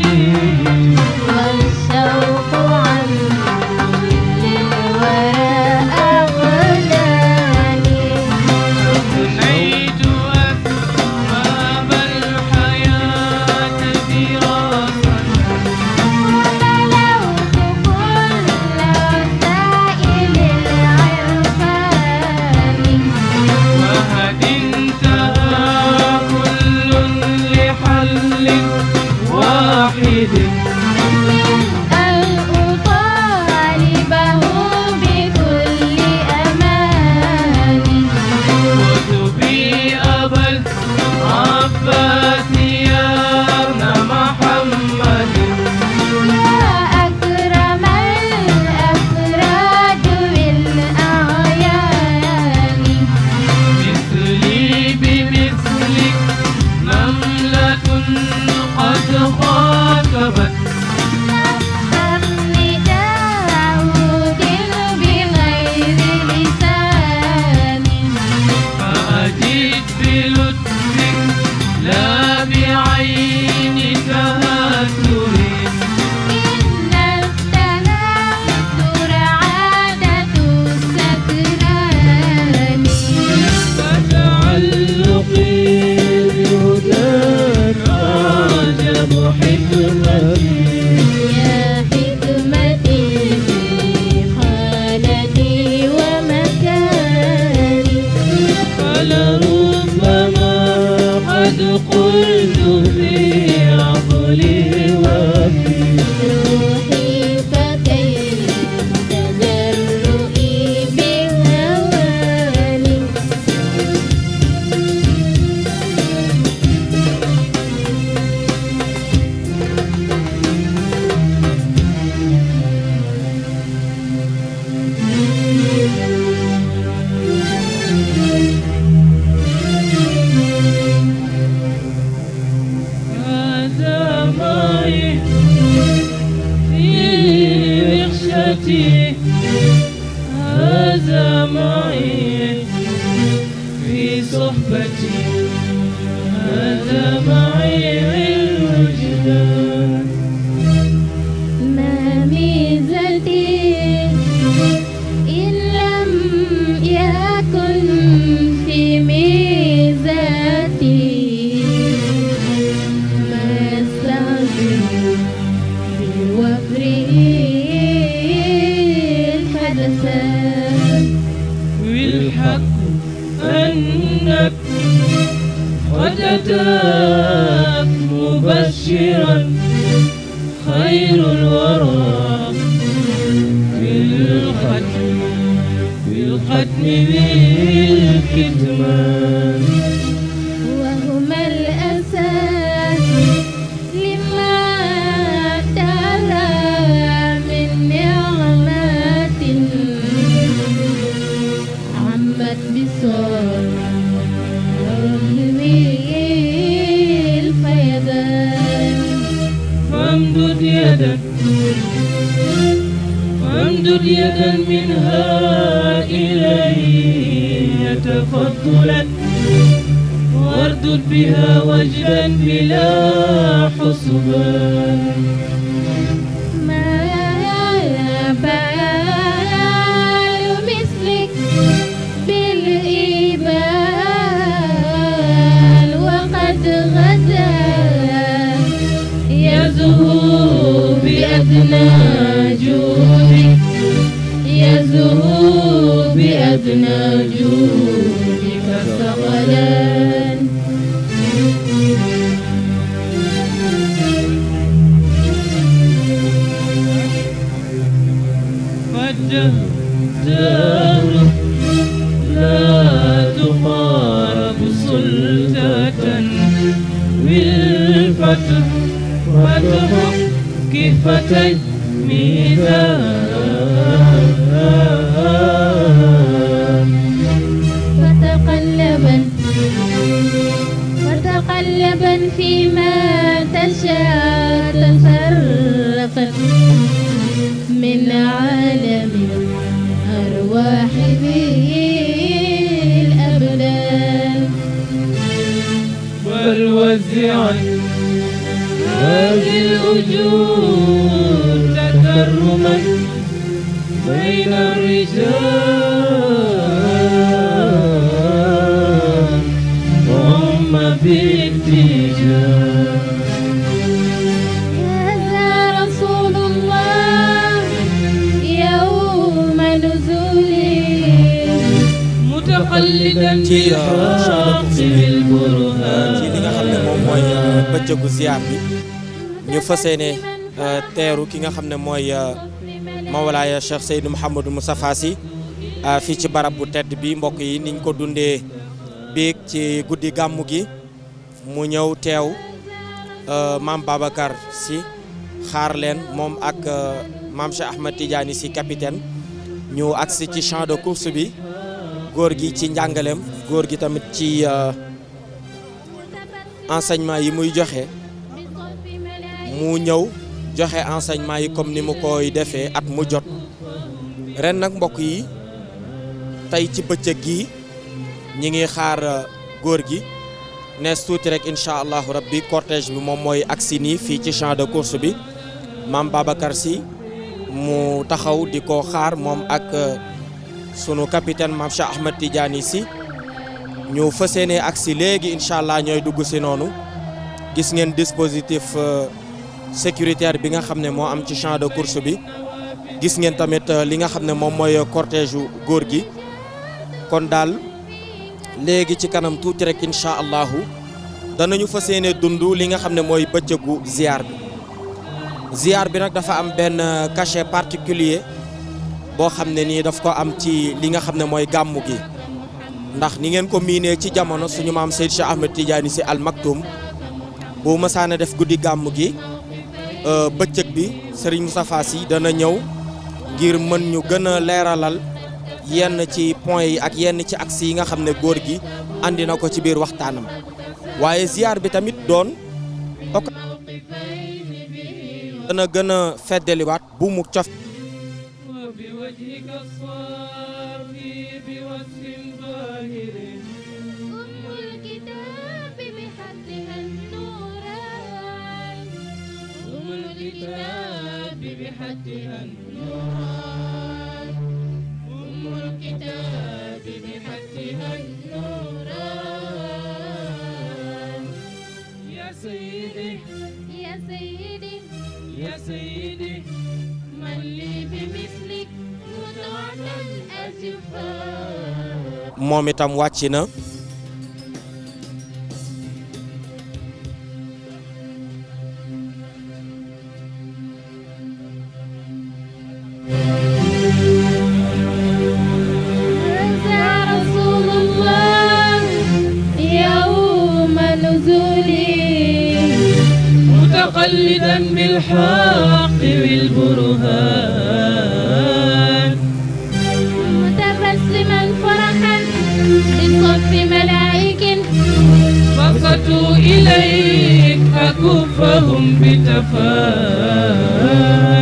Hallelujah. ti أمدد يدا منها إليه تفضلا واردد بها وجدا بلا حسبان ما بال مثلك بالإيمان وقد غدا يزهو بأذنان ميزه بأدنى جودك الثقلان فالجهدان لا تقارب سلطة بالفتح فتح كيف تجميدان فتقلبا فتقلبا فيما تشاء تفرقا من عالم أرواح به الأبدان بل وزعا هذه الأجور تكرما بين الرجال وهم باتجاه هذا رسول الله يوم نزوله متقلدا في حاطب البرهان bëccëgu ziar bi ñu fas yéene teeru ki nga xam ne mooy mawlaaya Cheikh Seydou Mouhamadou Moustapha Sy ah, fii ci barab bu tedd bi mbokk yi niñ ko dundee biig ci guddi gàmmu gi mu ñëw teew ah, maam Babacar si xaar leen moom ak ah, maam Cheikh Ahmed Tidiane Sy capitaine ñu agsi ci champ de course bi góor gi ci njàngaleem góor gi tamit ci enseignement yi muy joxe mu ñëw joxe enseignement yi comme ni mu koy defee at mu jot ren nag mbokk yi tey ci bëccëg gi ñi ngi xaar euh, góor gi nees tuuti rek incha allahu rabbi cortège bi moom mooy agsi nii fii ci champ de course bi maam Babacar mu taxaw di ko xaar moom ak euh, sunu capitaine maam Cheikh Ahmed Tidiane si ñu fas yéene agsi léegi incha allah ñooy dugg si noonu gis ngeen dispositif. Euh, sécuritaire bi nga xam ne moo am ci champ de course bi gis ngeen tamit euh, li nga xam ne moom mooy euh, cortège góor gi kon daal léegi ci kanam tuuti rek incha allahu danañu fa yéene dund li nga xam ne mooy bëccëgu ziar bi ziar bi nag dafa am benn euh, cachet particulier boo xam ne nii dafa ko am ci li nga xam ne mooy gàmmu gi ndax ni ngeen ko miinee ci jamono suñu maam Seyd Cheikh Ahmed Tidiane si al Maktoum bu masaana def guddi gàmmu gi Euh, bëccëg bi sëriñ Moustapha Sy dana ñëw ngir mën ñu gën a leeralal yenn ci point yi ak yenn ci axe yi nga xam ne góor gi andi na ko ci biir waxtaanam waaye ziar bi tamit doon dana gën a feddaliwaat bu mu cof الكتاب بحدها النوران أم الكتاب بحدها النوران يا سيدي يا سيدي يا سيدي من لي بمثلك متعة الأجفاء moom itam wàcc na مقلدا بالحق والبرهان متبسما فرحا بصف ملائك بسطوا إليك أكفهم بتفان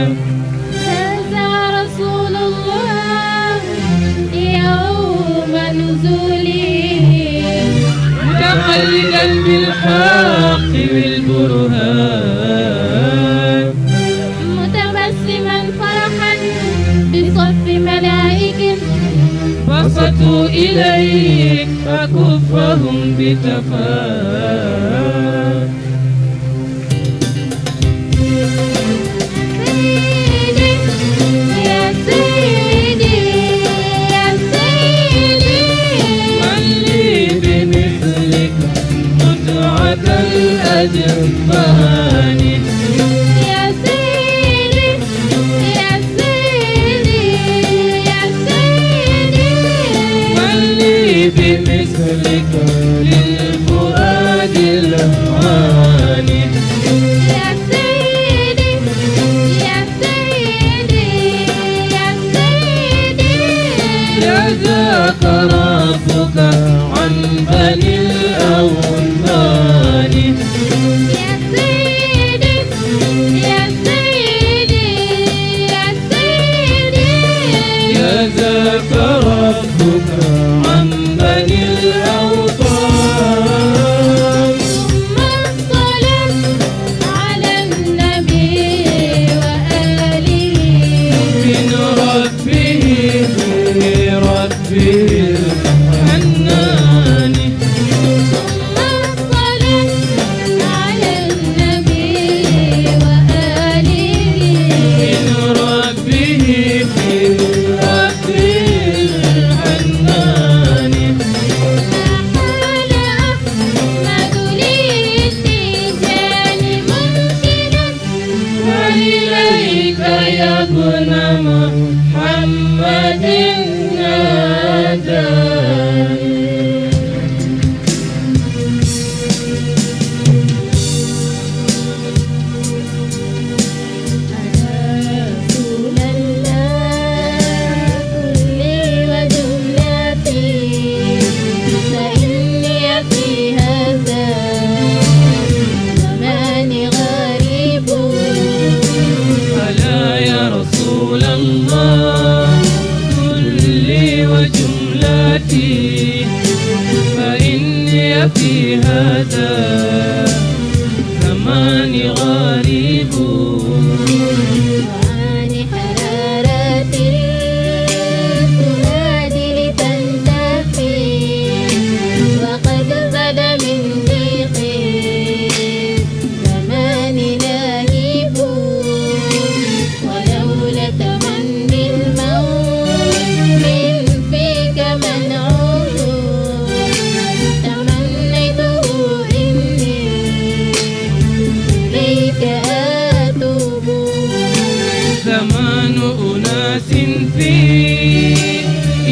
إليك أتوب زمان أناس في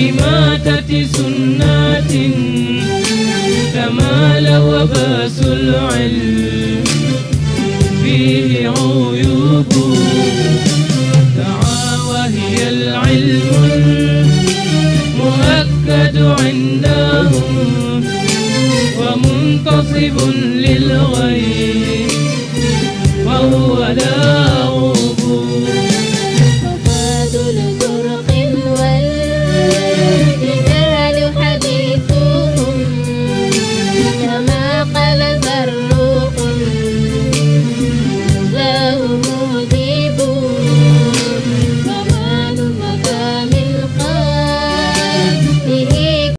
إماتة سنات تمال وباس العلم فيه عيوب دعا وهي العلم المؤكد عندهم ومنتصب للغير وهو لا